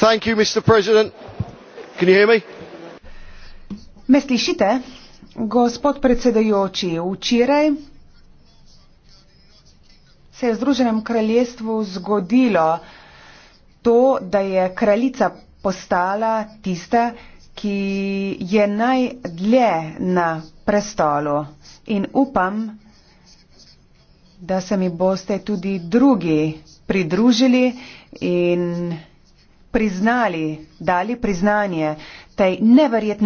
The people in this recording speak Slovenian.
mr president včeraj se je v združenem kraljestvu zgodilo to da je kraljica postala tista ki je najdlje na prestolu in upam da se mi boste tudi drugi pridružili in priznali dali priznanje tej neverjetni grozi.